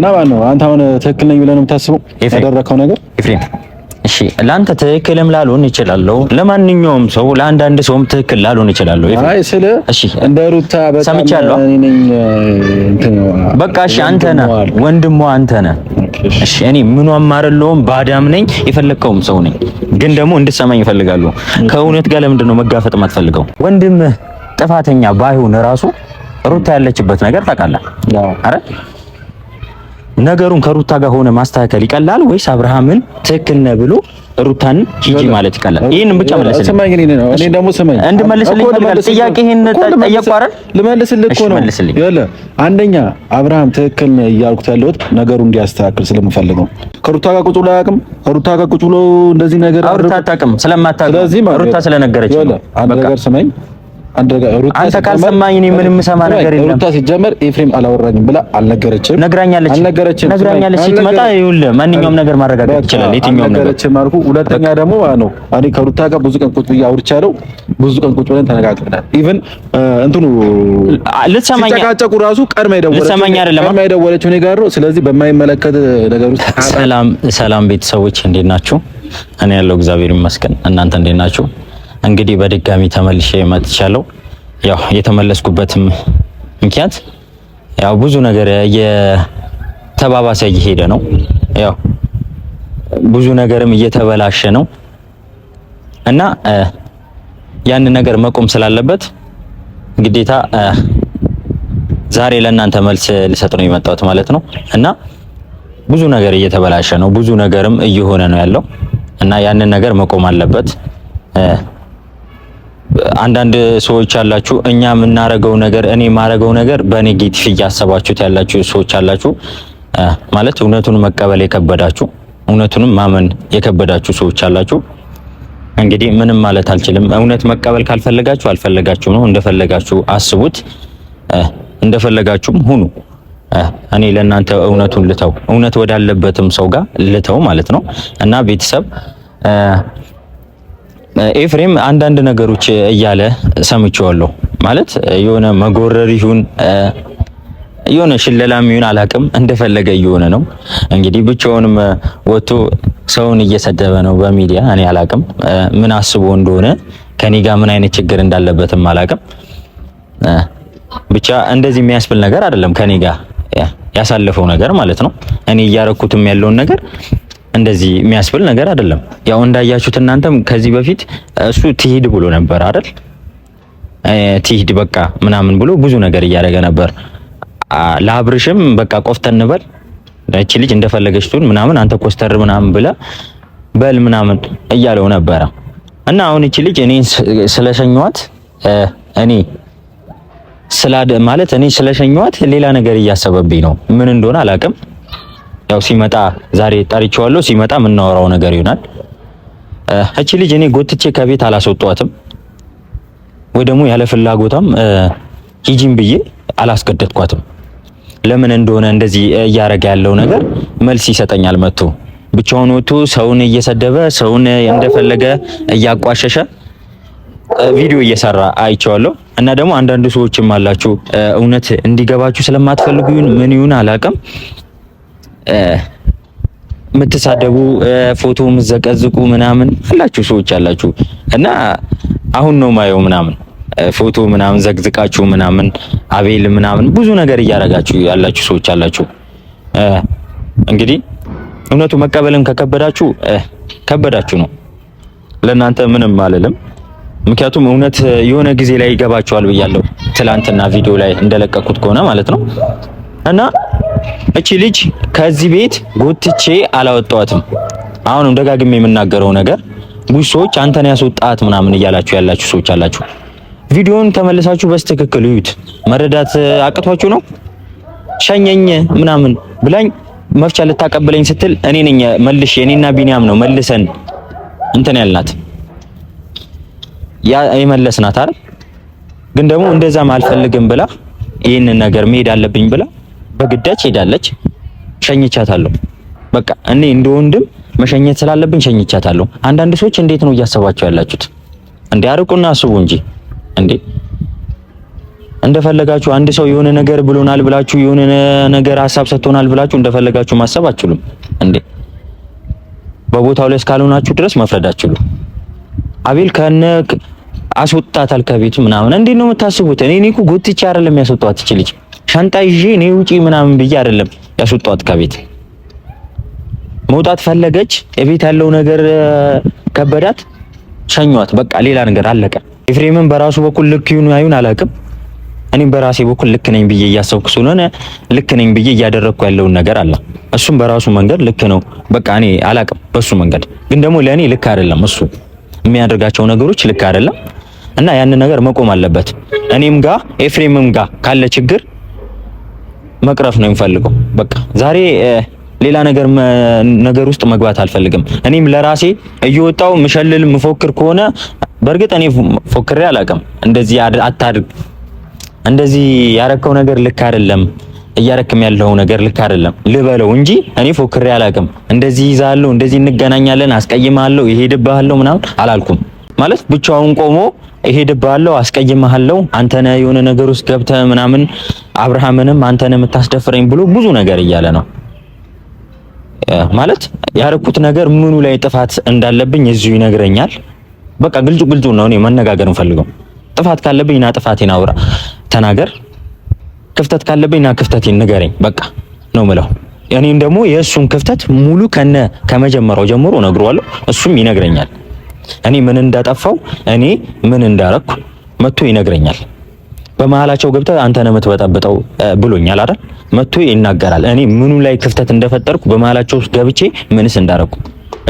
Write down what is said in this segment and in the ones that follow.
እና ማለት ነው አንተ አሁን ትክክል ነኝ ብለህ ነው የምታስበው ያደረከው ነገር ኤፍሬም? እሺ ለአንተ ትክክልም ላልሆን እችላለሁ። ለማንኛውም ሰው ለአንዳንድ ሰውም ትክክል ላልሆን እችላለሁ። አይ ስለ እሺ እንደ ሩታ በጣም በቃ እሺ፣ አንተ ነህ ወንድሟ፣ አንተ ነህ። እሺ እኔ ምኗም አይደለሁም፣ ባዳም ነኝ፣ የፈለግከውም ሰው ነኝ። ግን ደግሞ እንድትሰማኝ ይፈልጋሉ። ከእውነት ጋር ለምንድን ነው መጋፈጥ የማትፈልገው? ወንድምህ ጥፋተኛ ባይሆን ራሱ ሩታ ያለችበት ነገር ታውቃለህ አይደል? ነገሩን ከሩታ ጋር ሆነ ማስተካከል ይቀላል ወይስ አብርሃምን ትክክል ነህ ብሎ ሩታን ጂጂ ማለት ይቀላል? ይሄን ብቻ መልስልኝ። ስማኝ፣ እኔ ነው እኔ ደግሞ ስማኝ፣ እንድመልስልኝ እፈልጋለሁ። ጥያቄ ይሄን ጠየቁ አይደል? ልመልስልህ እኮ ነው። ይኸውልህ አንደኛ አብርሃም ትክክል ነህ እያልኩት ያለሁት ነገሩን እንዲያስተካክል ስለምፈልግ ነው። ከሩታ ጋር ቁጭ ብሎ አያውቅም። ከሩታ ጋር ቁጭ ብሎ እንደዚህ ነገር አውርታ አታውቅም፣ ስለማታውቅም ሩታ ስለነገረች ነው። አንድ ነገር ስማኝ አንተ ካልሰማኝ እኔ ምንም ሰማ ነገር የለም። ሩታ ሲጀመር ኤፍሬም አላወራኝም ብላ አልነገረችም። ነግራኛለች ነግራኛለች። ስትመጣ ይኸውልህ ማንኛውም ነገር ማረጋገጥ ይችላል። የትኛውም ነገር አልኩ። ሁለተኛ ደግሞ ማለት ነው እኔ ከሩታ ጋር ብዙ ቀን ቁጭ ብዬ አውርቻለሁ። ብዙ ቀን ቁጭ ብለን ተነጋግረናል። ኢቭን እንትኑ ልትሰማኝ ሲጨቃጨቁ ራሱ ቀድማ የደወለችው እኔ ጋር ነው። ስለዚህ በማይመለከት ነገር ውስጥ ሰላም ሰላም፣ ቤተሰቦች እንዴት ናችሁ? እኔ ያለው እግዚአብሔር ይመስገን። እናንተ እንዴት ናችሁ? እንግዲህ በድጋሚ ተመልሼ መጥቻለሁ። ያው የተመለስኩበትም ምክንያት ያው ብዙ ነገር እየተባባሰ እየሄደ ነው። ያው ብዙ ነገርም እየተበላሸ ነው እና ያንን ነገር መቆም ስላለበት ግዴታ ዛሬ ለእናንተ መልስ ልሰጥ ነው የመጣሁት ማለት ነው። እና ብዙ ነገር እየተበላሸ ነው፣ ብዙ ነገርም እየሆነ ነው ያለው እና ያንን ነገር መቆም አለበት። አንዳንድ ሰዎች ያላችሁ እኛ የምናረገው ነገር እኔ የማረገው ነገር በኔጌቲቭ እያሰባችሁት ያላችሁ ሰዎች አላችሁ። ማለት እውነቱን መቀበል የከበዳችሁ እውነቱንም ማመን የከበዳችሁ ሰዎች አላችሁ። እንግዲህ ምንም ማለት አልችልም። እውነት መቀበል ካልፈለጋችሁ አልፈለጋችሁ ነው። እንደፈለጋችሁ አስቡት፣ እንደፈለጋችሁም ሁኑ። እኔ ለእናንተ እውነቱን ልተው፣ እውነት ወዳለበትም ሰው ጋር ልተው ማለት ነው እና ቤተሰብ ኤፍሬም አንዳንድ ነገሮች እያለ ሰምቼዋለሁ። ማለት የሆነ መጎረር ይሁን የሆነ ሽለላም ይሁን አላቅም፣ እንደፈለገ እየሆነ ነው። እንግዲህ ብቻውንም ወጥቶ ሰውን እየሰደበ ነው በሚዲያ እኔ አላቅም፣ ምን አስቦ እንደሆነ ከኔ ጋር ምን አይነት ችግር እንዳለበትም አላቅም። ብቻ እንደዚህ የሚያስብል ነገር አይደለም ከኔ ጋር ያሳለፈው ነገር ማለት ነው። እኔ እያረኩትም ያለውን ነገር እንደዚህ የሚያስብል ነገር አይደለም። ያው እንዳያችሁት እናንተም ከዚህ በፊት እሱ ትሂድ ብሎ ነበር አይደል? ትሂድ በቃ ምናምን ብሎ ብዙ ነገር እያደረገ ነበር። ለአብርሽም በቃ ቆፍተን በል እቺ ልጅ እንደፈለገች ትሁን ምናምን አንተ ኮስተር ምናምን ብለ በል ምናምን እያለው ነበረ። እና አሁን እቺ ልጅ እኔ ስለሸኘኋት እኔ ስላደ ማለት እኔ ስለሸኘኋት ሌላ ነገር እያሰበብኝ ነው። ምን እንደሆነ አላውቅም። ያው ሲመጣ ዛሬ ጠርቼዋለሁ። ሲመጣ የምናወራው ነገር ይሆናል። እቺ ልጅ እኔ ጎትቼ ከቤት አላስወጧትም ወይ ደግሞ ያለ ፍላጎቷም ሂጂም ብዬ አላስገደድኳትም። ለምን እንደሆነ እንደዚህ እያረገ ያለው ነገር መልስ ይሰጠኛል። መጥቶ ብቻውን ወጥቶ ሰውን እየሰደበ ሰውን እንደፈለገ እያቋሸሸ ቪዲዮ እየሰራ አይቼዋለሁ። እና ደግሞ አንዳንድ ሰዎችም አላችሁ እውነት እንዲገባችሁ ስለማትፈልጉ ምን ይሁን አላውቅም የምትሳደቡ ፎቶ የምትዘቀዝቁ ምናምን አላችሁ ሰዎች አላችሁ። እና አሁን ነው ማየው ምናምን ፎቶ ምናምን ዘግዝቃችሁ ምናምን አቤል ምናምን ብዙ ነገር እያደረጋችሁ ያላችሁ ሰዎች አላችሁ። እንግዲህ እውነቱ መቀበልም ከከበዳችሁ ከበዳችሁ ነው። ለእናንተ ምንም አልልም። ምክንያቱም እውነት የሆነ ጊዜ ላይ ይገባችኋል ብያለሁ። ትላንትና ቪዲዮ ላይ እንደለቀኩት ከሆነ ማለት ነው እና እቺ ልጅ ከዚህ ቤት ጎትቼ አላወጣዋትም። አሁንም ደጋግሜ የምናገረው ነገር ብዙ ሰዎች አንተን ያስወጣት ምናምን እያላችሁ ያላችሁ ሰዎች አላችሁ። ቪዲዮን ተመልሳችሁ በስትክክል እዩት። መረዳት አቅቷችሁ ነው። ሸኘኝ ምናምን ብላኝ መፍቻ ልታቀብለኝ ስትል እኔ ነኝ መልሽ የኔና ቢኒያም ነው መልሰን እንትን ያልናት ያ የመለስናት አይደል? ግን ደግሞ እንደዛም አልፈልግም ብላ ይህንን ነገር መሄድ አለብኝ ብላ በግዳጅ ሄዳለች። ሸኝቻታለሁ። በቃ እኔ እንደ ወንድም መሸኘት ስላለብኝ ሸኝቻታለሁ። አንዳንድ ሰዎች እንዴት ነው እያሰባቸው ያላችሁት? እንዴ አርቁና አስቡ እንጂ እንዴ እንደፈለጋችሁ አንድ ሰው የሆነ ነገር ብሎናል ብላችሁ የሆነ ነገር ሀሳብ ሰጥቶናል ብላችሁ እንደፈለጋችሁ ማሰብ አችሉም እንዴ። በቦታው ላይ እስካልሆናችሁ ድረስ መፍረድ አችሉ። አቤል ከነ አስወጣታል ከቤቱ ምናምን እንዴት ነው የምታስቡት? እኔ እኔ እኮ ጎትቼ አይደለም ያስወጣት ልጅ ሻንጣ ይዤ እኔ ውጪ ምናምን ብዬ አይደለም ያስወጣት ከቤት መውጣት ፈለገች። እቤት ያለው ነገር ከበዳት፣ ሸኟት። በቃ ሌላ ነገር አለቀ። ኤፍሬምን በራሱ በኩል ልክ ይሁን አይሁን አላውቅም። እኔም በራሴ በኩል ልክ ነኝ ብዬ እያሰብኩ ስለሆነ ልክ ነኝ ብዬ እያደረግኩ ያለውን ነገር አለ። እሱም በራሱ መንገድ ልክ ነው። በቃ እኔ አላውቅም። በሱ መንገድ ግን ደግሞ ለእኔ ልክ አይደለም። እሱ የሚያደርጋቸው ነገሮች ልክ አይደለም እና ያንን ነገር መቆም አለበት። እኔም ጋ ኤፍሬምም ጋ ካለ ችግር መቅረፍ ነው የምፈልገው። በቃ ዛሬ ሌላ ነገር ነገር ውስጥ መግባት አልፈልግም። እኔም ለራሴ እየወጣው ምሸልል ምፎክር ከሆነ በእርግጥ እኔ ፎክሬ አላውቅም። እንደዚህ አታድርግ፣ እንደዚህ ያረከው ነገር ልክ አይደለም፣ እያረክም ያለው ነገር ልክ አይደለም ልበለው እንጂ እኔ ፎክሬ አላውቅም። እንደዚህ ይዛለሁ፣ እንደዚህ እንገናኛለን፣ አስቀይማለሁ፣ ይሄድብሃለሁ ምናምን አላልኩም። ማለት ብቻውን ቆሞ እሄድብሃለሁ፣ አስቀይምሃለሁ፣ አንተ ነህ የሆነ ነገር ውስጥ ገብተህ ምናምን አብርሃምንም አንተነ ነህ የምታስደፍረኝ ብሎ ብዙ ነገር እያለ ነው። ማለት ያረኩት ነገር ምኑ ላይ ጥፋት እንዳለብኝ እዚሁ ይነግረኛል። በቃ ግልጹ ግልጹ ነው። እኔ መነጋገር እንፈልገው ጥፋት ካለብኝ ና ጥፋቴን አውራ ተናገር፣ ክፍተት ካለብኝ ና ክፍተቴን ንገረኝ፣ በቃ ነው ምለው። እኔም ደግሞ የእሱን ክፍተት ሙሉ ከነ ከመጀመሪያው ጀምሮ ነግሯለሁ፣ እሱም ይነግረኛል። እኔ ምን እንዳጠፋው እኔ ምን እንዳረኩ መጥቶ ይነግረኛል። በመሀላቸው ገብተ አንተ ነህ የምትበጠብጠው ብሎኛል አይደል? መጥቶ ይናገራል። እኔ ምኑ ላይ ክፍተት እንደፈጠርኩ በመሃላቸው ውስጥ ገብቼ ምንስ እንዳረኩ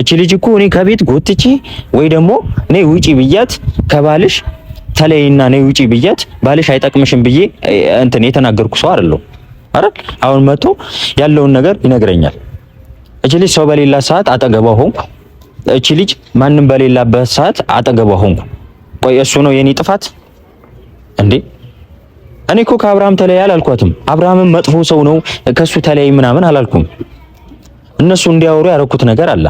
እቺ ልጅ እኮ እኔ ከቤት ጎትቼ ወይ ደግሞ እኔ ውጪ ብያት ከባልሽ ተለይና እኔ ውጪ ብያት ባልሽ አይጠቅምሽም ብዬ እንትን የተናገርኩ ሰው አይደለሁ አይደል? አሁን መጥቶ ያለውን ነገር ይነግረኛል። እቺ ልጅ ሰው በሌላ ሰዓት አጠገቧ ሆንኩ። እቺ ልጅ ማንም በሌላበት ሰዓት አጠገቧ ሆንኩ። ቆይ እሱ ነው የኔ ጥፋት እንዴ? እኔ እኮ ከአብርሃም ተለያይ አላልኳትም። አብርሃምም መጥፎ ሰው ነው ከሱ ተለያይ ምናምን አላልኩም። እነሱ እንዲያወሩ ያደረኩት ነገር አለ።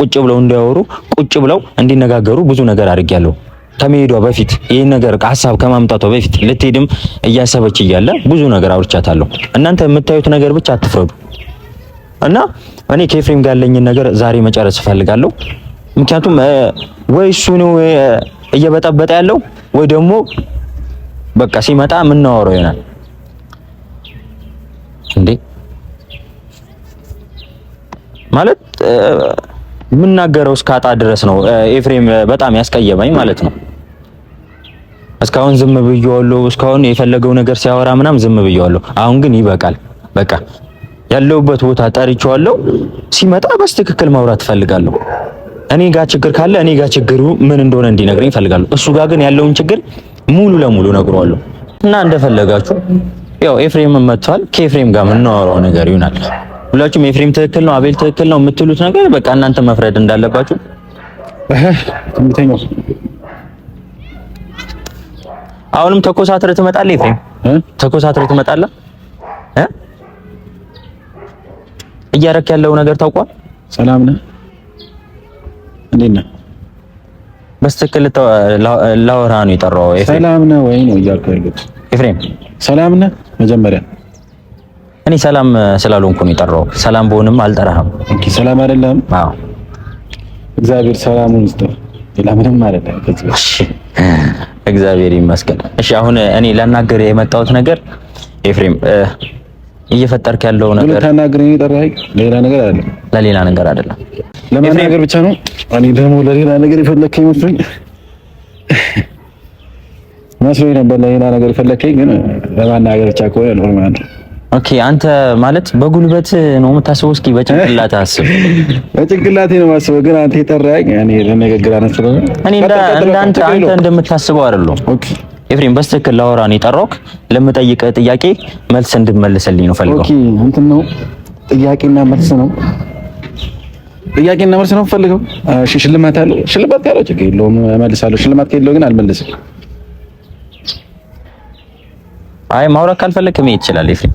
ቁጭ ብለው እንዲያወሩ ቁጭ ብለው እንዲነጋገሩ ብዙ ነገር አድርጌያለሁ። ከመሄዷ በፊት ይህ ነገር ሀሳብ ከማምጣቷ በፊት ልትሄድም እያሰበች እያለ ብዙ ነገር አውርቻታለሁ። እናንተ የምታዩት ነገር ብቻ አትፍረዱ እና እኔ ከኤፍሬም ጋር ያለኝን ነገር ዛሬ መጨረስ እፈልጋለሁ። ምክንያቱም ወይ እሱ ነው እየበጠበጠ ያለው ወይ ደግሞ በቃ ሲመጣ የምናወራው ይሆናል። እንዴ ማለት የምናገረው እስከ አጣ ድረስ ነው። ኤፍሬም በጣም ያስቀየመኝ ማለት ነው። እስካሁን ዝም ብየዋለሁ። እስካሁን የፈለገው ነገር ሲያወራ ምናም ዝም ብየዋለሁ። አሁን ግን ይበቃል በቃ ያለውበት ቦታ ጠርቼዋለሁ። ሲመጣ በስትክክል ማውራት እፈልጋለሁ። እኔ ጋር ችግር ካለ እኔ ጋር ችግሩ ምን እንደሆነ እንዲነግረኝ እፈልጋለሁ። እሱ ጋር ግን ያለውን ችግር ሙሉ ለሙሉ እነግረዋለሁ። እና እንደፈለጋችሁ ያው ኤፍሬም መጥቷል። ከኤፍሬም ጋር የምናወራው ነገር ይሆናል። ሁላችሁም ኤፍሬም ትክክል ነው፣ አቤል ትክክል ነው የምትሉት ነገር በቃ እናንተ መፍረድ እንዳለባችሁ አሁንም ተኮሳትረህ ትመጣለህ። ኤፍሬም ተኮሳትረህ ትመጣለህ እ እያረክ ያለው ነገር ታውቋል። ሰላም ነህ? እንዴት ነህ? በስትክክል ላወራ ነው የጠራው። ሰላም ነህ ወይ ነው እያልኩ ያለሁት። ኤፍሬም ሰላም ነህ? መጀመሪያ እኔ ሰላም ስላልሆንኩ ነው የጠራው። ሰላም በሆንም አልጠራህም። እንኪ ሰላም አይደለም። አዎ እግዚአብሔር ሰላሙን ይስጥህ። ሌላ ምንም አይደለም። እሺ እግዚአብሔር ይመስገን። እሺ አሁን እኔ ላናገር የመጣሁት ነገር ኤፍሬም እየፈጠርክ ያለው ነገር ተናግረኝ የጠራኸኝ ሌላ ነገር አይደለም፣ ለሌላ ነገር አይደለም፣ ለመናገር ብቻ ነው። እኔ ደግሞ ለሌላ ነገር የፈለከኝ መስሎኝ መስሎኝ ነበር። ለሌላ ነገር የፈለከኝ ግን ለማናገር ብቻ ከሆነ ኖርማል ነው። ኦኬ፣ አንተ ማለት በጉልበት ነው የምታስበው? እስኪ በጭንቅላት አስብ። በጭንቅላቴ ነው የማስበው፣ ግን አንተ የጠራኸኝ እኔ ለነገር ግራ ነው ስለሆነ እኔ እንዳንተ አንተ እንደምታስበው አይደለም። ኦኬ ኤፍሬም በስትክክል ላወራ ነው የጠራሁት። ለምጠይቀ ጥያቄ መልስ እንድመልስልኝ ነው ፈልገው። ኦኬ እንትን ነው ጥያቄና መልስ ነው ጥያቄና መልስ ነው ፈልገው። እሺ ሽልማት አለው። ሽልማት ያለው ችግር የለውም እመልሳለሁ። ሽልማት ከሌለው ግን አልመልስም። አይ ማውራት ካልፈለክ ምን ይችላል ኤፍሬም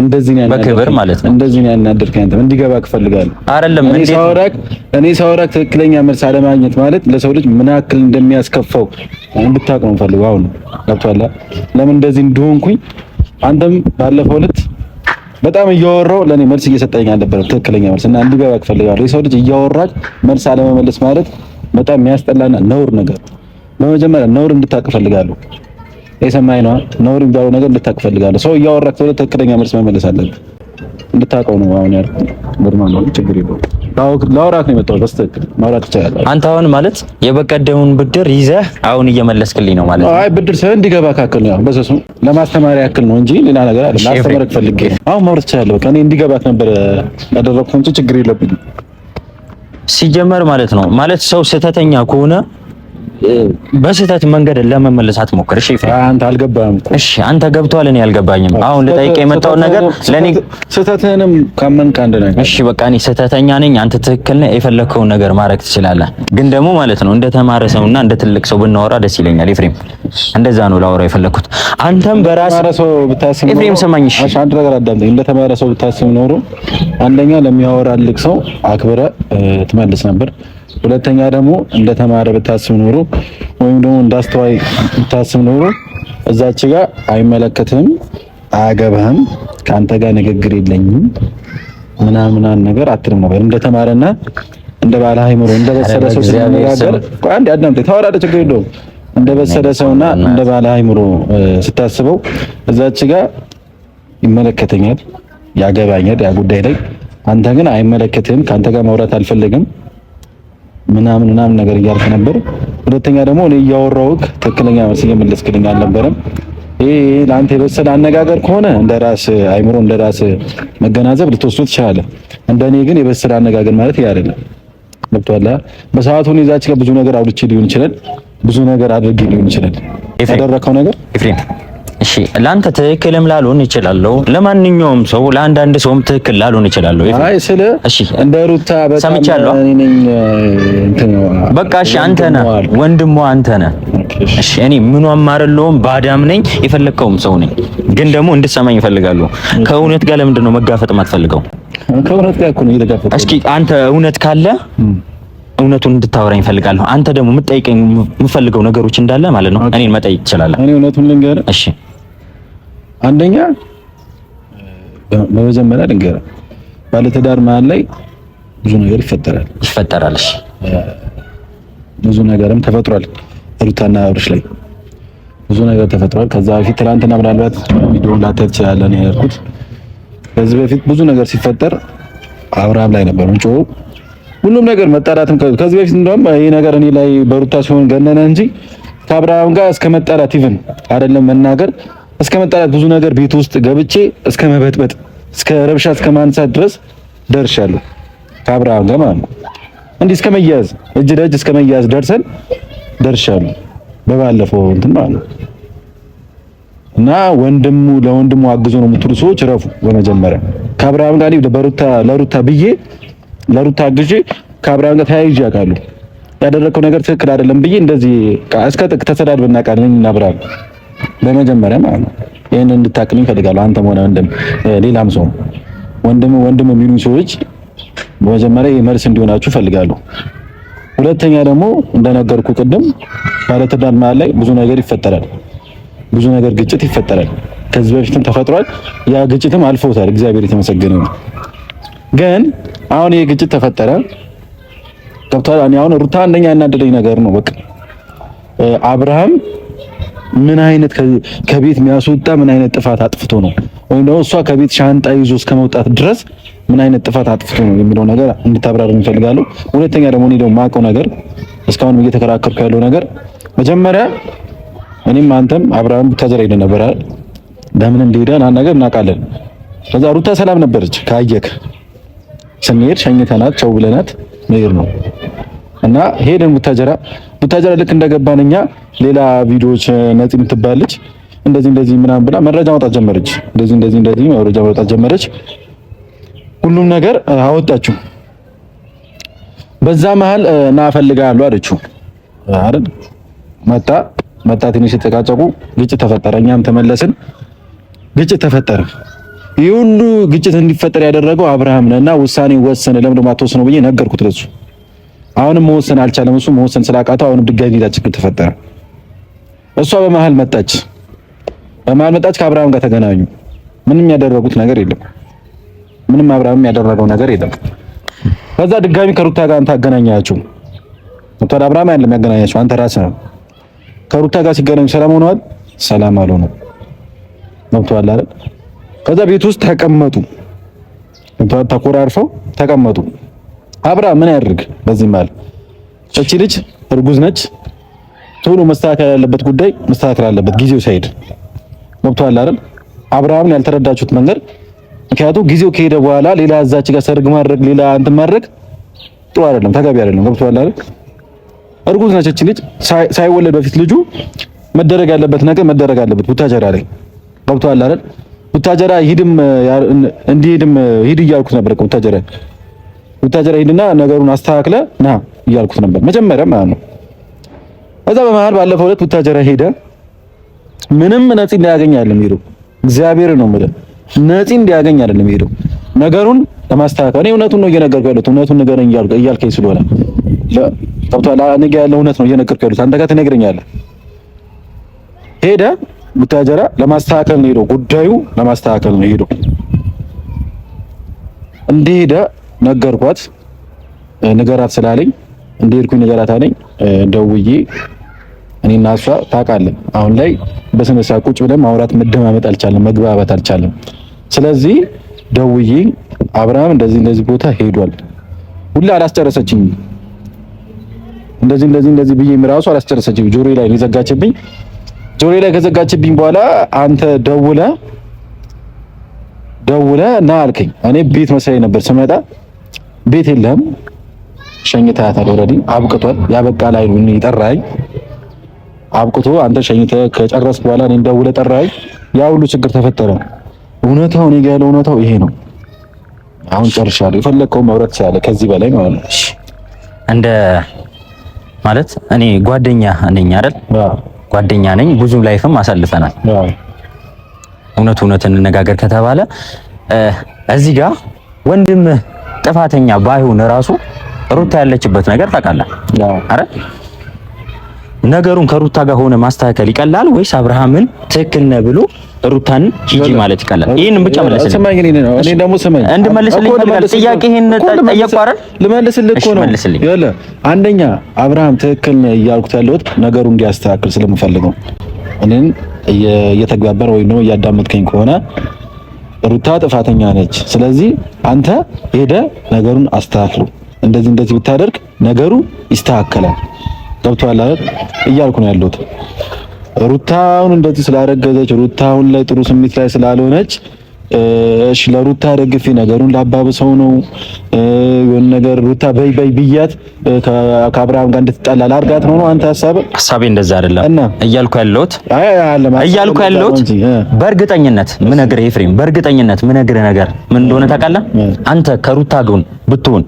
እንደዚህ ነው በክብር ማለት ነው። እንደዚህ ነው ያናደርከኝ አንተ እንዲገባህ እፈልጋለሁ። አይደለም እኔ ሳወራክ እኔ ሳወራክ ትክክለኛ መልስ አለማግኘት ማለት ለሰው ልጅ ምን ያክል እንደሚያስከፋው እንድታውቅ ነው ፈልገው። አሁን ገብቶሃል? ለምን እንደዚህ እንደሆንኩኝ አንተም ባለፈው ዕለት በጣም እያወራሁ ለኔ መልስ እየሰጠኝ አልነበረም ትክክለኛ መልስ እና እንዲገባህ እፈልጋለሁ። የሰው ልጅ እያወራክ መልስ አለመመለስ ማለት በጣም የሚያስጠላና ነውር ነገር። በመጀመሪያ ነውር እንድታውቅ እፈልጋለሁ። የሰማይ ነው ነውር የሚባለው ነገር እንድታውቅ እፈልጋለሁ። ሰው እያወራክ ተወለ ትክክለኛ መልስ መመለስ አለብህ። እንድታውቀው ነው አሁን ያልኩህ። ብርማ ነው ችግር የለውም። ላውራክ ነው የመጣሁት። በስተክል ማውራት ይቻላል። አንተ አሁን ማለት የበቀደሙን ብድር ይዘህ አሁን እየመለስክልኝ ነው ማለት ነው። አይ ብድር ሳይሆን እንዲገባ ካክል ነው በሰሱ ለማስተማር ያክል ነው እንጂ ሌላ ነገር አይደለም። ማስተማር ፈልጌ አሁን ማውራት ይቻላል። በቃ እኔ እንዲገባክ ነበር ያደረኩት እንጂ ችግር የለብኝም። ሲጀመር ማለት ነው ማለት ሰው ስህተተኛ ከሆነ በስህተት መንገድ ለመመለስ አትሞክር። እሺ አንተ አልገባህም። እሺ አንተ ገብቷል፣ እኔ አልገባኝም። አሁን ልጠይቅ የመጣውን ነገር ለኔ ስህተትህንም ካመን ካንደ ነገር እሺ፣ በቃ እኔ ስህተተኛ ነኝ፣ አንተ ትክክል ነህ፣ የፈለከውን ነገር ማድረግ ትችላለህ። ግን ደግሞ ማለት ነው እንደ ተማረ እና እንደ ትልቅ ሰው ብናወራ ደስ ይለኛል። ኤፍሬም፣ እንደዛ ነው ላወራ የፈለኩት። አንተም በራስህ ኤፍሬም፣ ስማኝ። እሺ አንድ ነገር አዳምጠኝ። እንደ ተማረ ሰው ብታስብ ኖሮ አንደኛ ለሚያወራልህ ሰው አክብረህ ትመልስ ነበር። ሁለተኛ ደግሞ እንደተማረ ብታስብ ኖሮ ወይም ደግሞ እንዳስተዋይ ብታስብ ኖሮ እዛች ጋር አይመለከትህም፣ አያገባህም፣ ከአንተ ጋር ንግግር የለኝም ምናምን ነገር አትልም ነበር። እንደተማረና እንደ ባለ ሃይምሮ እንደ በሰለ ሰው ስለሚነጋገር አንድ አዳም ተዋራደ ችግር የለውም። እንደ በሰለ ሰውና እንደ ባለ ሃይምሮ ስታስበው እዛች ጋር ይመለከተኛል፣ ያገባኛል ያ ጉዳይ ላይ አንተ ግን አይመለከትህም፣ ከአንተ ጋር ማውራት አልፈልግም ምናምን ምናምን ነገር እያልክ ነበር። ሁለተኛ ደግሞ እኔ እያወራሁህ ትክክለኛ መልስ እየመለስክልኝ አልነበረም። ይሄ ለአንተ የበሰለ አነጋገር ከሆነ እንደ ራስ አይምሮ እንደ ራስ መገናዘብ ልትወስዱ ትችላለህ። እንደ እኔ ግን የበሰለ አነጋገር ማለት ይሄ አይደለም። ገብቶሃል? በሰዓቱ እኔ እዛች ብዙ ነገር አውልቼ ሊሆን ይችላል፣ ብዙ ነገር አድርጌ ሊሆን ይችላል። ያደረከው ነገር ኤፍሬም እሺ ለአንተ ትክክልም ላልሆን ይችላለሁ ለማንኛውም ሰው ለአንዳንድ ሰውም ትክክል ላልሆን እችላለሁ። አይ ስለ እሺ፣ እንደ ሩታ በጣም በቃ እሺ፣ አንተ ነህ ወንድሟ፣ አንተ ነህ። እሺ፣ እኔ ምኗም አይደለሁም፣ ባዳም ነኝ፣ የፈለግከውም ሰው ነኝ። ግን ደግሞ እንድትሰማኝ እፈልጋለሁ። ከእውነት ጋር ለምንድን ነው መጋፈጥ የማትፈልገው? ከእውነት ጋር እኮ ነው እየተጋፈጥኩ። እስኪ አንተ እውነት ካለ እውነቱን እንድታወራኝ እፈልጋለሁ። አንተ ደግሞ የምጠይቀኝ የምፈልገው ነገሮች እንዳለ ማለት ነው እኔን መጠየቅ ትችላለህ። እኔ እውነቱን ልንገርህ እሺ አንደኛ በመጀመሪያ ድንገራ ባለትዳር መሀል ላይ ብዙ ነገር ይፈጠራል ይፈጠራል። እሺ ብዙ ነገርም ተፈጥሯል። ሩታና አብርሽ ላይ ብዙ ነገር ተፈጥሯል። ከዛ በፊት ትናንትና ምናልባት ቪዲዮ ላተት ይችላል ነው ያልኩት። ከዚህ በፊት ብዙ ነገር ሲፈጠር አብርሃም ላይ ነበር ምንጮ ሁሉም ነገር መጣላትም ከዚህ በፊት እንደውም ይሄ ነገር እኔ ላይ በሩታ ሲሆን ገነነ እንጂ ከአብርሃም ጋር እስከ መጣላት ኢቭን አይደለም መናገር እስከ መጣላት ብዙ ነገር ቤት ውስጥ ገብቼ እስከ መበጥበጥ እስከ ረብሻ እስከ ማንሳት ድረስ ደርሻለሁ። ከአብርሃም ጋር ማለት ነው። እንዲህ እስከ መያዝ እጅ ለእጅ እስከ መያዝ ደርሰን ደርሻለሁ። በባለፈው እንትን ማለት ነው እና ወንድሙ ለወንድሙ አግዞ ነው የምትሉ ሰዎች ረፉ። በመጀመሪያ ከአብርሃም ጋር በሩታ ለሩታ ብዬ ለሩታ አግዤ ከአብርሃም ጋር ተያይዤ አውቃለሁ። ያደረከው ነገር ትክክል አይደለም ብዬ እንደዚህ እስከ ጥቅ ተሰዳድበን እናውቃለን እና አብርሃም በመጀመሪያ ማለት ነው። ይህን እንድታቅልኝ እፈልጋለሁ። አንተም ሆነ ወንድም፣ ሌላም ሰው ወንድም ወንድም የሚሉኝ ሰዎች በመጀመሪያ የመልስ እንዲሆናችሁ እፈልጋለሁ። ሁለተኛ ደግሞ እንደነገርኩ ቅድም ባለትዳር መሀል ላይ ብዙ ነገር ይፈጠራል። ብዙ ነገር ግጭት ይፈጠራል። ከዚህ በፊትም ተፈጥሯል። ያ ግጭትም አልፎታል። እግዚአብሔር የተመሰገነ ነው። ግን አሁን ይሄ ግጭት ተፈጠረ። ገብቶሃል? አሁን ሩታ አንደኛ ያናደደኝ ነገር ነው በቃ አብርሃም ምን አይነት ከቤት የሚያስወጣ ምን አይነት ጥፋት አጥፍቶ ነው ወይም ደግሞ እሷ ከቤት ሻንጣ ይዞ እስከ መውጣት ድረስ ምን አይነት ጥፋት አጥፍቶ ነው የሚለው ነገር እንድታብራሩ እንፈልጋለሁ። ሁለተኛ ደግሞ እኔ ደግሞ ማውቀው ነገር እስካሁን እየተከራከርኩ ያለው ነገር መጀመሪያ እኔም አንተም አብርሃም ቡታጀራ ሄደ ነበር አይደል? ለምን እንደሄደ እና ነገር እናውቃለን። ከዛ ሩታ ሰላም ነበረች። ካየክ ስንሄድ ሸኝተናት ቸው ብለናት መሄድ ነው እና ሄደን ቡታጀራ ቡታጀራ ልክ እንደገባን እኛ ሌላ ቪዲዮዎች ነፂ የምትባለች እንደዚህ እንደዚህ ምናምን ብላ መረጃ ማውጣት ጀመረች። እንደዚህ እንደዚህ እንደዚህ መረጃ ማውጣት ጀመረች። ሁሉም ነገር አወጣችሁ። በዛ መሀል ና እፈልግሃለሁ አለችው። አይደል መጣ መጣ። ትንሽ የተጨቃጨቁ ግጭት ተፈጠረ። እኛም ተመለስን፣ ግጭት ተፈጠረ። ይህ ሁሉ ግጭት እንዲፈጠር ያደረገው አብርሃም ነና ውሳኔ ወሰነ። ለምን አትወስነው ብዬ ነገርኩት ለሱ አሁንም መወሰን አልቻለም። እሱ መወሰን ስላቃተው አሁንም ድጋሚ ሌላ ችግር ተፈጠረ። እሷ በመሀል መጣች፣ በመሀል መጣች። ከአብርሃም ጋር ተገናኙ። ምንም ያደረጉት ነገር የለም። ምንም አብርሃም ያደረገው ነገር የለም። ከዛ ድጋሚ ከሩታ ጋር አንተ አገናኛችሁ። እንኳን አብርሃም አይደለም ያገናኛችሁ፣ አንተ ራስህ ነው። ከሩታ ጋር ሲገናኙ ሰላም ሆነዋል? ሰላም አልሆነም። ገብቶሃል አይደል? ከዛ ቤት ውስጥ ተቀመጡ፣ ተኮራርፈው ተቀመጡ። አብራ ምን ያድርግ? በዚህ ማል እቺ ልጅ እርጉዝ ነች። ቶሎ መስተካከል ያለበት ጉዳይ መስተካከል አለበት፣ ጊዜው ሳይሄድ ገብቶሃል አይደል? አብርሃምን ያልተረዳችሁት መንገድ ምክንያቱም ጊዜው ከሄደ በኋላ ሌላ እዛች ጋር ሰርግ ማድረግ ሌላ እንትን ማድረግ ጥሩ አይደለም፣ ተገቢ አይደለም። ገብቶሃል አይደል? እርጉዝ ነች እቺ ልጅ። ሳይወለድ በፊት ልጁ መደረግ ያለበት ነገር መደረግ አለበት። ቡታጀራ ላይ ገብቶሃል አይደል? ቡታጀራ ሂድም እንዲሄድም ሂድ እያልኩት ነበር ቡታጀራ ቡታጀራ ሂድና ነገሩን አስተካክለ ና እያልኩት ነበር መጀመሪያ ማለት ነው። እዛ በመሀል ባለፈው ዕለት ቡታጀራ ሄደ። ምንም ነፂ እንዳያገኝ አይደለም ሄዶ እግዚአብሔር ነው ምለ ነፂ እንዳያገኝ አይደለም ሄዶ ነገሩን ለማስተካከል እኔ እውነቱን ነው እየነገርኩ ያለሁት። እውነቱን ንገረኝ እያልከኝ ስለሆነ ገብቶሃል። ነገ ያለው እውነት ነው እየነገርኩ ያለሁት። አንተ ጋር ትነግረኛለህ። ሄደ ቡታጀራ ለማስተካከል ነው ሄዶ ጉዳዩ ለማስተካከል ነው ሄዶ እንደሄደ ነገርኳት። ንገራት ስላለኝ እንደሄድኩኝ ንገራት አለኝ። ደውዬ እኔና እሷ ታውቃለህ፣ አሁን ላይ በስነ ስርዓት ቁጭ ብለን ማውራት መደማመጥ አልቻለም፣ መግባባት አልቻለም። ስለዚህ ደውዬ አብርሃም እንደዚህ እንደዚህ ቦታ ሄዷል ሁላ አላስጨረሰችኝ። እንደዚህ እንደዚህ እንደዚህ ብዬ እራሱ አላስጨረሰችኝ። ጆሮ ላይ ነው የዘጋችብኝ። ጆሮ ላይ ከዘጋችብኝ በኋላ አንተ ደውለ ደውለ ና አልከኝ። እኔ ቤት መሰለኝ ነበር ስመጣ ቤት የለህም ሸኝተሃታል። ኦልሬዲ አብቅቷል። ያበቃ ላይ ነው ይጠራኝ አብቅቶ አንተ ሸኝተ ከጨረስ በኋላ እኔ ደውለህ ጠራኝ። ያ ሁሉ ችግር ተፈጠረ። እውነታው እኔ ጋር ያለው እውነታው ይሄ ነው። አሁን ጨርሻለሁ። የፈለግከውን ማውራት ያለ ከዚህ በላይ ማለት ነው። እንደ ማለት እኔ ጓደኛ ነኝ አይደል? ጓደኛ ነኝ። ብዙ ላይፍም አሳልፈናል። እውነት እውነት እንነጋገር ከተባለ እዚህ ጋር ወንድምህ ጥፋተኛ ባይሆን ራሱ ሩታ ያለችበት ነገር ታውቃለህ አረ ነገሩን ከሩታ ጋር ሆነ ማስተካከል ይቀላል ወይስ አብርሃምን ትክክል ነህ ብሎ ሩታን ሂጂ ማለት ይቀላል? ይሄን ብቻ መልስልኝ። ስማኝ፣ እኔ ነው እኔ ደግሞ ስማኝ፣ እንድመልስልኝ ፈልጋለሁ። ጥያቄ ይሄን ጠየቅኩህ አይደል? ልመልስልህ እኮ ነው። ይኸውልህ አንደኛ አብርሃም ትክክል ነህ እያልኩት ያለሁት ነገሩ እንዲያስተካክል ስለምፈልግ እኔን እየተግባበር ወይም ደግሞ እያዳመጥከኝ ከሆነ ሩታ ጥፋተኛ ነች። ስለዚህ አንተ ሄደ ነገሩን አስተካክሉ፣ እንደዚህ እንደዚህ ብታደርግ ነገሩ ይስተካከላል። ገብቶሃል አይደል እያልኩ ነው ያለሁት። ሩታውን እንደዚህ ስላረገዘች ሩታውን ላይ ጥሩ ስሜት ላይ ስላልሆነች እሺ ለሩታ ደግፌ ነገሩን ላባብሰው ነው የሆነ ነገር ሩታ በይ በይ ብያት ከአብርሃም ጋር እንድትጠላ ላድርጋት ነው ነው አንተ ሀሳብ ሀሳቤ እንደዛ አይደለም እና እያልኩ ያለሁት እያልኩ ያለሁት በእርግጠኝነት ምነግርህ ኤፍሬም በእርግጠኝነት ምነግርህ ነገር ምን እንደሆነ ታውቃለህ አንተ ከሩታ ጎን ብትሆን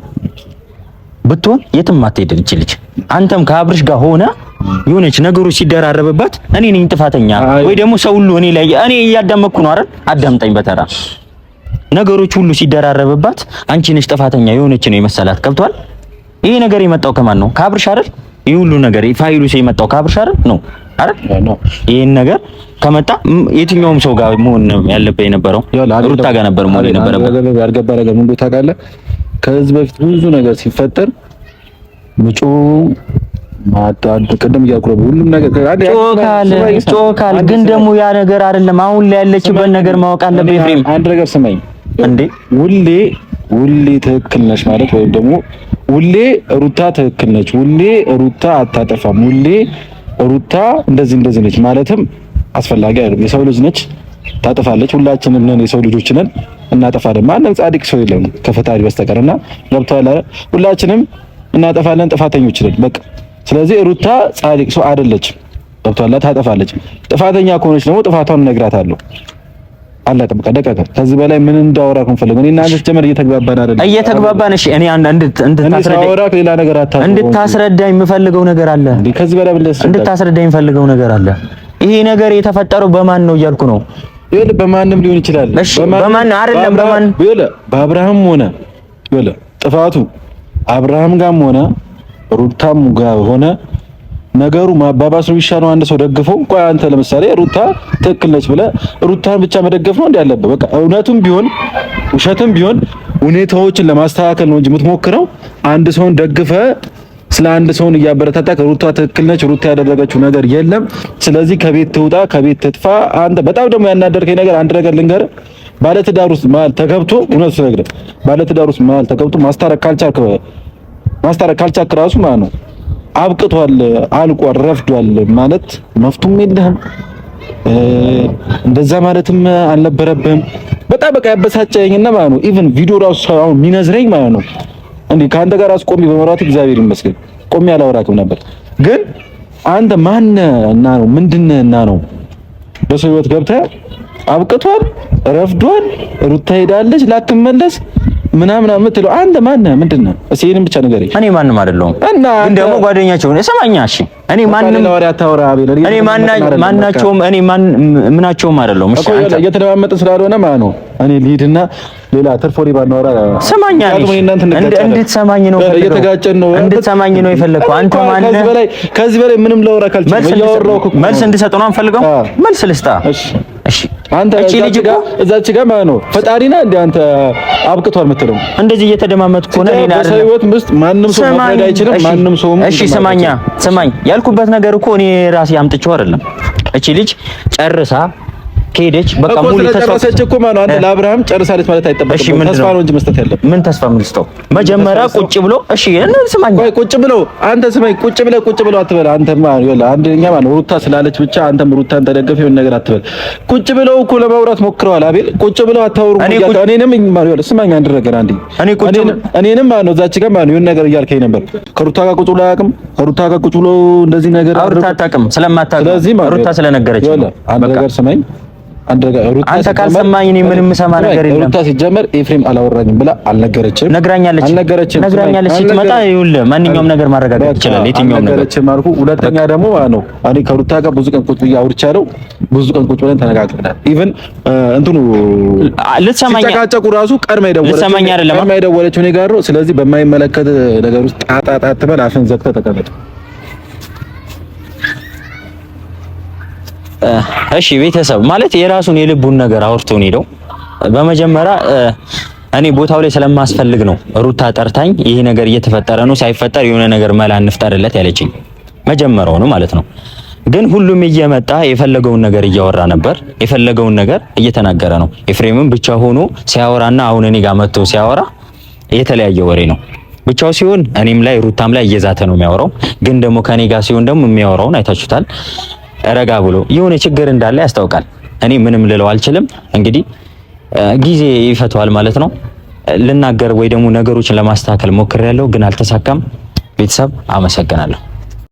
ብትሆን የትም አትሄድ ልጅ አንተም ከአብርሽ ጋር ሆነ የሆነች ነገሮች ሲደራረብባት እኔ ነኝ ጥፋተኛ ወይ ደግሞ ሰው ሁሉ እኔ ላይ እኔ እያዳመኩ ነው አይደል? አዳምጠኝ በተራ ነገሮች ሁሉ ሲደራረብባት አንቺ ነሽ ጥፋተኛ የሆነች ነው የመሰላት። ገብቷል? ይሄ ነገር የመጣው ከማን ነው? ከአብርሽ አይደል? ይሄ ሁሉ ነገር ፋይሉ የመጣው ከአብርሽ አይደል? ነው አይደል? ይሄን ነገር ከመጣ የትኛውም ሰው ጋር መሆን ያለበት የነበረው ሩታ ጋር ነበር መሆን የነበረበት። ያልገባ ነገር ምን ታውቃለህ? ከዚህ በፊት ብዙ ነገር ሲፈጠር ምጮ ማጣድ ቅድም እያልኩ ሁሉም ነገር ጮካል፣ ግን ደግሞ ያ ነገር አይደለም። አሁን ላይ ያለችበት ነገር ማወቅ አለበት። ኤፍሬም አንድ ነገር ስማኝ እንዴ፣ ሁሌ ሁሌ ትክክል ነሽ ማለት ወይም ደግሞ ሁሌ ሩታ ትክክል ነች፣ ሁሌ ሩታ አታጠፋም፣ ሁሌ ሩታ እንደዚህ እንደዚህ ነች ማለትም አስፈላጊ አይደለም። የሰው ልጅ ነች፣ ታጠፋለች። ሁላችንም ነን የሰው ልጆች ነን፣ እናጠፋለን። ማንም ጻድቅ ሰው የለም ከፈጣሪ በስተቀርና ለብቷ ሁላችንም እናጠፋለን፣ ጥፋተኞች ነን በቃ። ስለዚህ ሩታ ጻድቅ ሰው አይደለችም። ገብቷላ? ታጠፋለች። ጥፋተኛ ከሆነች ደግሞ ጥፋቷን እነግራታለሁ። አለቀ በቃ ደቀቀ። ከዚህ በላይ ምን እንዳወራ ነው እኔ እና አንተ ጀመር እየተግባባን አይደለም? እየተግባባን እሺ። እኔ አንድ እንድታስረዳኝ የምፈልገው ነገር አለ። ከዚህ በላይ እንድታስረዳኝ የምፈልገው ነገር አለ። ይሄ ነገር የተፈጠረው በማን ነው እያልኩ ነው። ይኸውልህ በማንም ሊሆን ይችላል። በማን አይደለም፣ በማን በአብርሃም ሆነ ጥፋቱ አብርሃም ጋም ሆነ ሩታም ጋር ሆነ ነገሩ ማባባስ ነው ይሻለው። አንድ ሰው ደግፎ እንኳን አንተ ለምሳሌ ሩታ ትክክል ነች ብለህ ሩታን ብቻ መደገፍ ነው እንዴ ያለብህ? በቃ እውነቱም ቢሆን ውሸትም ቢሆን ሁኔታዎችን ለማስተካከል ነው እንጂ የምትሞክረው አንድ ሰውን ደግፈ ስለ አንድ ሰውን እያበረታታ ሩታ ትክክል ነች፣ ሩታ ያደረገችው ነገር የለም፣ ስለዚህ ከቤት ትውጣ፣ ከቤት ትጥፋ። አንተ በጣም ደግሞ ያናደርከኝ ነገር አንድ ነገር ልንገርህ ባለትዳር ውስጥ መሀል ተገብቶ እውነት ስነግርህ ባለትዳር ውስጥ መሀል ተገብቶ ማስታረቅ ካልቻልክ ማስታረቅ ካልቻልክ ራሱ ማለት ነው አብቅቷል፣ አልቋል፣ ረፍዷል ማለት መፍቱም የለህም። እንደዛ ማለትም አልነበረብህም። በጣም በቃ ያበሳጨኝና ማለት ነው ኢቭን ቪዲዮ ራሱ ሳይሆን የሚነዝረኝ ማለት ነው እንዴ ከአንተ ጋር አስቆሚ በመራት እግዚአብሔር ይመስገን ቆሜ አላወራክም ነበር። ግን አንተ ማን እና ነው ምንድነህ እና ነው በሰው ህይወት ገብተህ አብቅቷል፣ ረፍዷል፣ ሩታ ሄዳለች ላትመለስ ምናምን የምትለው አንተ ማነህ? ምንድን ነህ? እሴንም ብቻ ንገረኝ። እኔ ማንም አይደለሁም፣ ግን ደግሞ ጓደኛቸው ሰማኛ። እሺ እኔ ማንም ወሬ አታወራ አቤል። እኔ ማናቸውም እኔ ማን ምናቸውም አይደለሁም። እሺ አንተ እየተደማመጠ ስላልሆነ ማለት ነው። እኔ ልሂድና ሌላ ትርፍ ወሬ ባናወራ ስማኝ። እንድትሰማኝ ነው እየተጋጨን ነው። ነው የፈለግኸው አንተ ማን ከዚህ በላይ ከዚህ በላይ ምንም ለወራ ካልቻለ እያወራሁ እኮ መልስ እንድሰጥ ነው አንፈልገው። መልስ ልስጣ። እሺ እሺ አንተ እቺ ልጅ እዛች ጋር ማለት ነው ፈጣሪ ነህ እንደ አንተ አብቅቷል የምትለው እንደዚህ እየተደማመጥኩ ነው። እኔ አይደለም ሰው ህይወት ውስጥ ማንም ሰው መፍረድ አይችልም። ማንም ሰው እሺ ሰማኛ ሰማኝ ያልኩበት ነገር እኮ እኔ ራሴ አምጥቼው አይደለም። እቺ ልጅ ጨርሳ ከሄደች በቃ ሙሉ ተጨረሰች እኮ ማለት አንድ ለአብርሃም ጨርሳለች ማለት አይጠበቅም። እሺ ምን ተስፋ ነው እንጂ መስጠት ያለ ምን ተስፋ ምን ልስጠው? መጀመሪያ ቁጭ ብሎ እሺ እኔ ስማኝ፣ ቆይ ቁጭ ብሎ አንተ ስማኝ፣ ቁጭ ብለ ቁጭ ብሎ አትበል። አንተማ ይኸውልህ አንደኛ ማለት ሩታ ስላለች ብቻ አንተም ሩታን ተደገፈ የሆነ ነገር አትበል። ቁጭ ብለው እኮ ለማውራት ሞክረዋል። አቤል ቁጭ ብለው አታወሩ። እኔንም ማለት ይኸውልህ ስማኝ፣ አንድ ነገር አንዴ እኔ ቁጭ እኔንም ማለት ነው እዛች ጋር ማለት የሆነ ነገር እያልከኝ ነበር። ከሩታ ጋር ቁጭ ብሎ አያውቅም። ሩታ ጋር ቁጭ ብሎ እንደዚህ ነገር አውርታ አታውቅም ስለማታውቅ ስለዚህ ማለት ሩታ ስለነገረች ይኸውልህ አንድ ነገር ስማኝ አንተ ካልሰማኝ እኔ ምንም ሰማ ነገር የለም። ሩታ ሲጀመር ኤፍሬም አላወራኝም ብላ አልነገረችም። ነግራኛለች አልነገረችም ነግራኛለች። ስትመጣ ይኸውልህ ማንኛውም ነገር ማረጋገጥ ይችላል። የትኛውም ነገር ማርኩ። ሁለተኛ ደግሞ ነው እኔ ከሩታ ጋር ብዙ ቀን ቁጭ ብዬ አውርቻለሁ። ብዙ ቀን ቁጭ ብለን ተነጋግረናል። ኢቭን እንትኑ ልትሰማኝ ሲጨቃጨቁ ራሱ ቀድማ የደወለችው እኔ ጋር ነው። ስለዚህ በማይመለከት ነገር ውስጥ ጣጣጣ ጣጣ ትበል። አፍን ዘግተህ ተቀመጥ። እሺ ቤተሰብ ማለት የራሱን የልቡን ነገር ነው ሄደው። በመጀመሪያ እኔ ቦታው ላይ ስለማስፈልግ ነው ሩታ ጠርታኝ ይሄ ነገር እየተፈጠረ ነው፣ ሳይፈጠር የሆነ ነገር መላ እንፍጠርለት ያለችኝ መጀመሪያው ነው ማለት ነው። ግን ሁሉም እየመጣ የፈለገውን ነገር እያወራ ነበር፣ የፈለገውን ነገር እየተናገረ ነው። ኤፍሬምም ብቻ ሆኖ ሲያወራና አሁን እኔ ጋር መጥቶ ሲያወራ የተለያየ ወሬ ነው። ብቻው ሲሆን እኔም ላይ ሩታም ላይ እየዛተ ነው የሚያወራው። ግን ደግሞ ከኔ ጋር ሲሆን ደግሞ የሚያወራውን አይታችሁታል። ረጋ ብሎ የሆነ ችግር እንዳለ ያስታውቃል። እኔ ምንም ልለው አልችልም። እንግዲህ ጊዜ ይፈተዋል ማለት ነው። ልናገር ወይ ደግሞ ነገሮችን ለማስተካከል ሞክሬያለሁ፣ ግን አልተሳካም። ቤተሰብ አመሰግናለሁ።